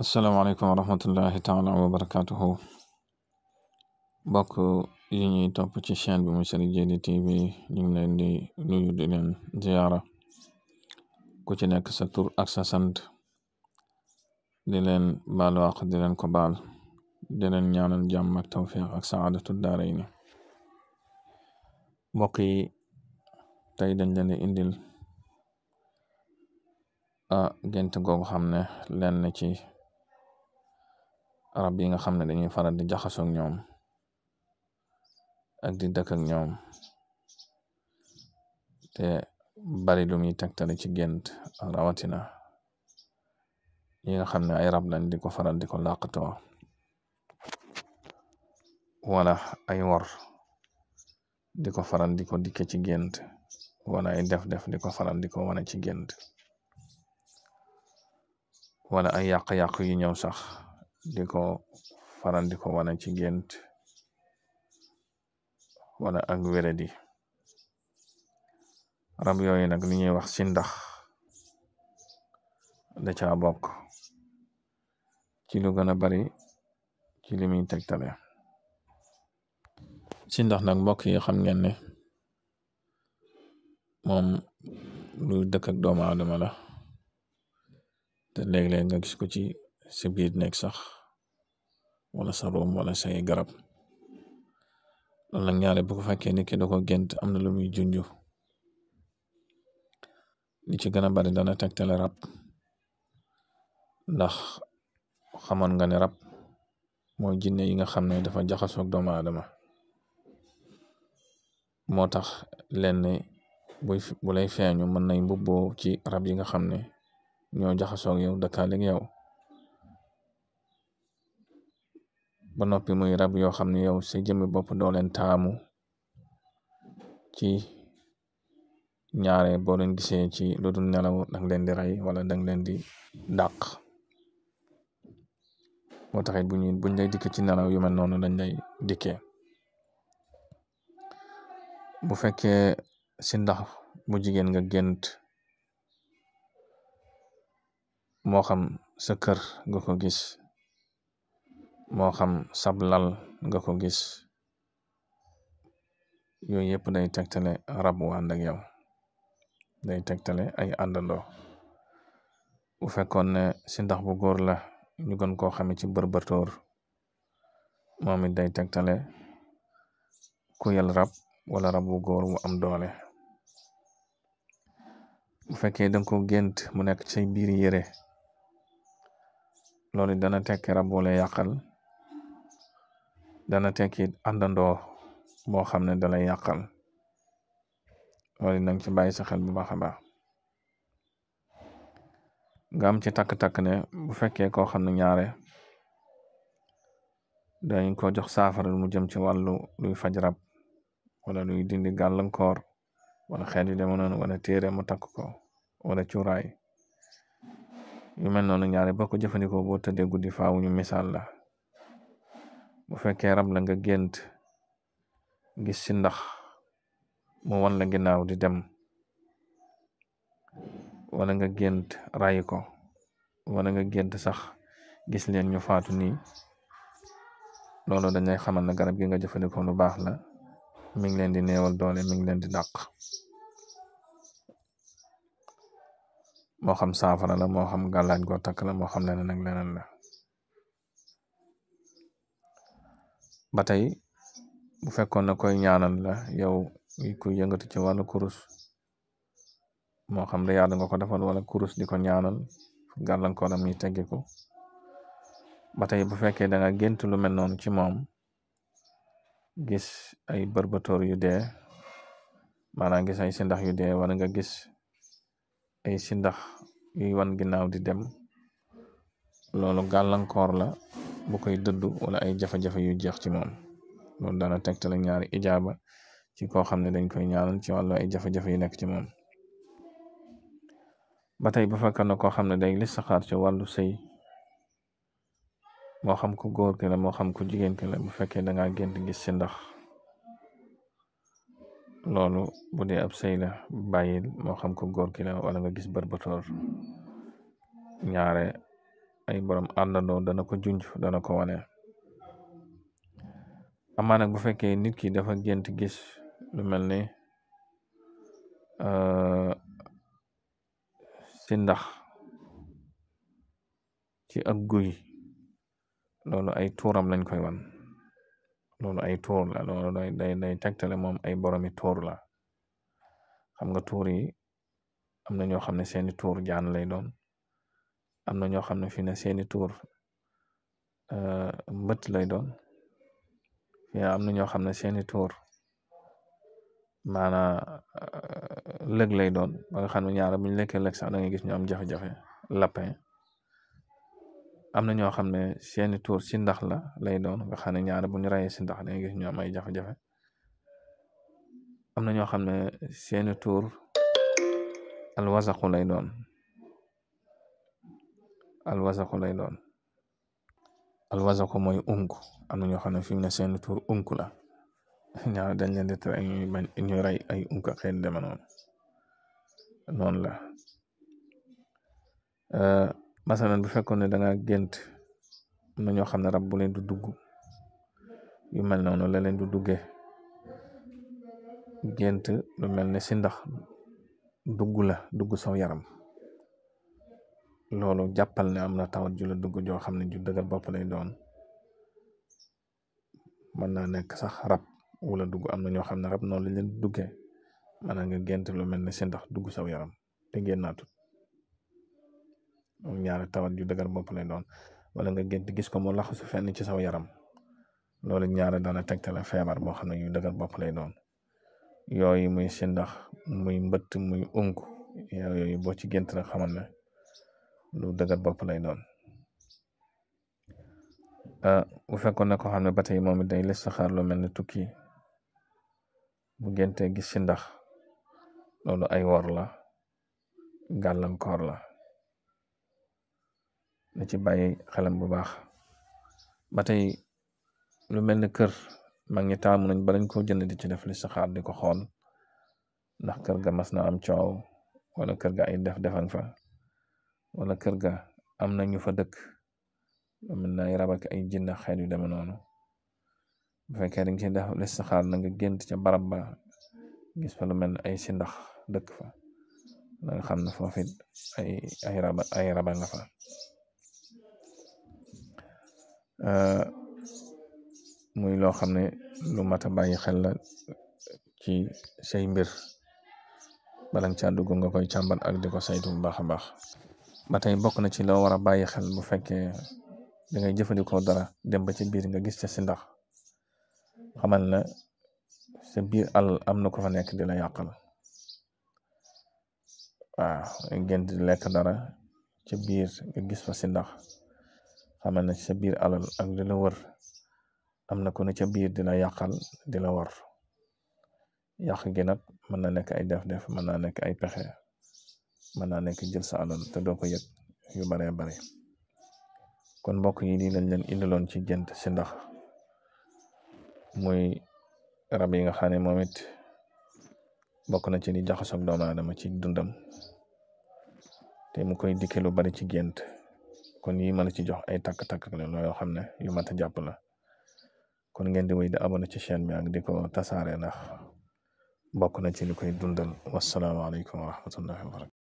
asalaamaaleykum wa rahmatullahi taala wa barakatuhu bokk yi ñuy topp ci chaîne bi muy Sëriñ Djily TV ñu ngi leen di nuyu di ziyaara ku ci nekk sa tur ak sasant sant di leen baal leen ko baal di leen ñaanal jàmm ak tawfiq ak saadatu daarayni mbokk yi tey dañ leen di indil a ah, gént googu xam ne leen na ci arab yi nga xam ne dañuy faral di jaxasoo ak ñoom ak di dëkk ñoom te bari lu muy tegtale ci gént rawatina yi nga xam ne ay rab lañ di ko faral di ko wala ay war di ko faral di ko dikke ci gént wala ay def-def di faral di ko wane ci gént wala ay yàq-yàq yu ñëw sax di ko faral wana ko wane ci gént wala ak wéradi rab yooyu nag li ñuy wax si da caa bokk ci lu a bari ci li muy tegtale si ndax nag mbokk yi xam ngeen ne moom lu dëkk ak doomu aadama la te léeg-léeg nga gis ko ci si biir nekk sax wala sa room wala say garab loolu nag ñaare bu ko fekkee nit ki da ko gént am na lu muy junju li ci gën a bari dana tegtale rab ndax xamoon nga ne rab mooy jinne yi nga xam ne dafa jaxasoog doomu aadama moo tax lenn buy bu lay feeñu mën nañ mbubboo ci rab yi nga xam ne ñoo jaxasoog yow dëkkaaleeg yow ba noppi muy rab yoo xam ne yow sa jëmmi bopp doo leen taamu ci ñaare boole leen gisee ci lu nelaw danga leen di rey wala dang leen di dàq moo taxit bu ñu buñ lay dikk ci nelaw yu mel noonu dañ lay dikkee bu fekkee si ndax bu jigéen nga gént moo xam sa kër nga ko gis moo xam sab lal nga ko gis yooyu yëpp day tegtale rab wu ànd ak yow day tegtale ay àndandoo bu fekkoon ne si ndax bu góor la ñu gën koo xame ci bërbëtóor moom it day tegtale ku yel rab wala rab bu wu am doole bu fekkee danga ko gént mu nekk ci biir yére loolu dana tekki rab wala yàqal dana tekkit àndandoo boo xam ne dalay yàqal loolu nag ci bàyyi sa xel bu baax a baax nga am ci takk-takk ne bu fekkee koo xam ne ñaare dañ ko jox saafara mu jëm ci wàllu luy faj rab wala luy dindi gàllankoor wala xeet yi demee noonu wala téere mu takk ko wala cuuraay yu mel noonu ñaare boo ko jëfandikoo boo tëddee guddi faaw ñu misaal la bu fekkee rab la nga gént gis ci ndax mu wan la ginnaaw di dem wala nga gént ray ko wala nga gént sax gis leen ñu faatu nii loolu dañay xamal na garab gi nga jëfandikoo lu baax la mi ngi leen di neewal doole mi ngi leen di dàq moo xam saafara la moo xam gàllaaj goo takk la moo xam leneen ak leneen la ba tey bu fekkoon na koy ñaanal la yow mi kuy yëngatu ci wàllu kurus moo xam riyaada nga ko defal wala kurus di ko ñaanal gàllankooram yi teggiku ba tey bu fekkee danga nga gént lu mel noonu ci moom gis ay bërbatóor yu dee maanaam gis ay sindax yu dee wala nga gis ay sindax yuy wan ginnaaw di dem loolu gàllankoor la bu koy dëddu wala ay jafe-jafe yu jeex ci moom loolu daana tegtale ñaari ijaaba ci koo xam ne dañ koy ñaanal ci wàllu ay jafe-jafe yu nekk ci moom ba tey bu fekkoon ne koo xam ne day saxaar ci wàllu sey moo xam ko góor ki la moo xam ko jigéen ki la bu fekkee da ngaa gént gis si ndax loolu bu dee ab sëy la bàyyil moo xam ko góor ki wala nga gis bër ñaare ay borom àndandoo dana ko junj dana ko wane amaa nag bu fekkee nit ki dafa gént gis lu mel ni euh, si ndax ci ak guy loolu ay tuuram lañ koy wan loolu ay tuur la loolu day day day tegtale moom ay boromi tuur la xam nga tuur yi am na ñoo xam ne seeni tuur jaan lay doon am na ñoo xam ne fi ne seeni tuur euh, mbët lay doon fi am na ñoo xam ne seeni tuur maana euh, lëg lay doon a nga xam ne ñaara ñu lekkee lëg sax da ngay gis ñu am jafe-jafe lapin am na ñoo xam ne seeni tuur si ndax la lay doon nga xam ne ñaara buñ rayee si ndax da ngay gis ay jafe-jafe am na ñoo xam ne seeni tuur alwasaqu lay doon alwasaxu lay doon alwasaxu mooy unku am na ñoo xam ne fi mu ne seen tur la ñaar dañ leen di tere ñuy bañ ñu rey ay unku xeet deme noonu la euh, masalan bu fekkoon ne da nga gént am na ñoo xam ne rab bu leen du dugg yu mel noonu la leen du dugge gént lu mel ne si ndax dugg la dugg saw yaram loolu jàppal ne am na tawat ju la dugg joo xam ne ju dëgër bopp lay doon mën naa nekk sax rab wala dugg am na ñoo xam ne rab noonu lañ leen duggee maanaam nga gént lu mel ne si ndax dugg saw yaram te génnaatut moom ñaari tawat ju dëgër bopp lay doon wala nga gént gis ko mu laxasu fenn ci saw yaram loolu ñaari dana tegtale feebar boo xam ne yu dëgër bopp lay doon yooyu muy si ndax muy mbëtt muy unk yooyu boo ci gént rek xamal ne lu dëgër bopp lay doon bu fekkoon na ko xam ne ba tey moom it day listixaar lu mel ne tukki bu gente gis ci ndax loolu ay wor la gàllankoor la na ci bàyyi xelam bu baax ba tey lu mel ne kër mag ñi nañ ba dañ ko jënd di ci def saxaar di ko xool ndax kër ga mas na am coow wala kër ga ay def defan fa wala kër ga am na ñu fa dëkk mën na ay rab ak ay jinne xeet yu demee noonu bu fekkee dañ ci def listixaar na nga gént ca barab ba gis fa lu mel ne ay sindax dëkk fa na nga xam ne foofu it ay ay raba nga fa muy loo xam ne lu mat a bàyyi xel la ci say mbir balañ caa dugg nga koy càmbar ak di ko saytu bu baax a baax. ba tey bokk na ci loo war a bàyyi xel bu fekkee da ngay jëfandikoo dara dem ba ci biir nga gis ca si ndax xamal na sa biir àll am na ko fa nekk di la a waaw di lekk dara ca biir nga gis fa si ndax xamal na sa biir alal ak di la wër am na ko ne ca biir di la yàqal di la gi nag mën na nekk ay def-def mën naa nekk ay pexe. mën naa nekk jël sa alal te doo ko yëg yu baree bare kon mbokk yi lii lañ leen indiloon ci gént si ndax muy rab yi nga xam ne moom it bokk na ci li jaxasoog doomu aadama ci dundam te mu koy dikke lu bari ci gént kon yi ma la ci jox ay takk-takk la yoo xam ne yu mat a jàpp la kon ngeen di de di abonné ci chaîne bi ak di ko tasaare ndax bokk na ci li koy dundal wasalaamaaleykum wa rahmatullahi wa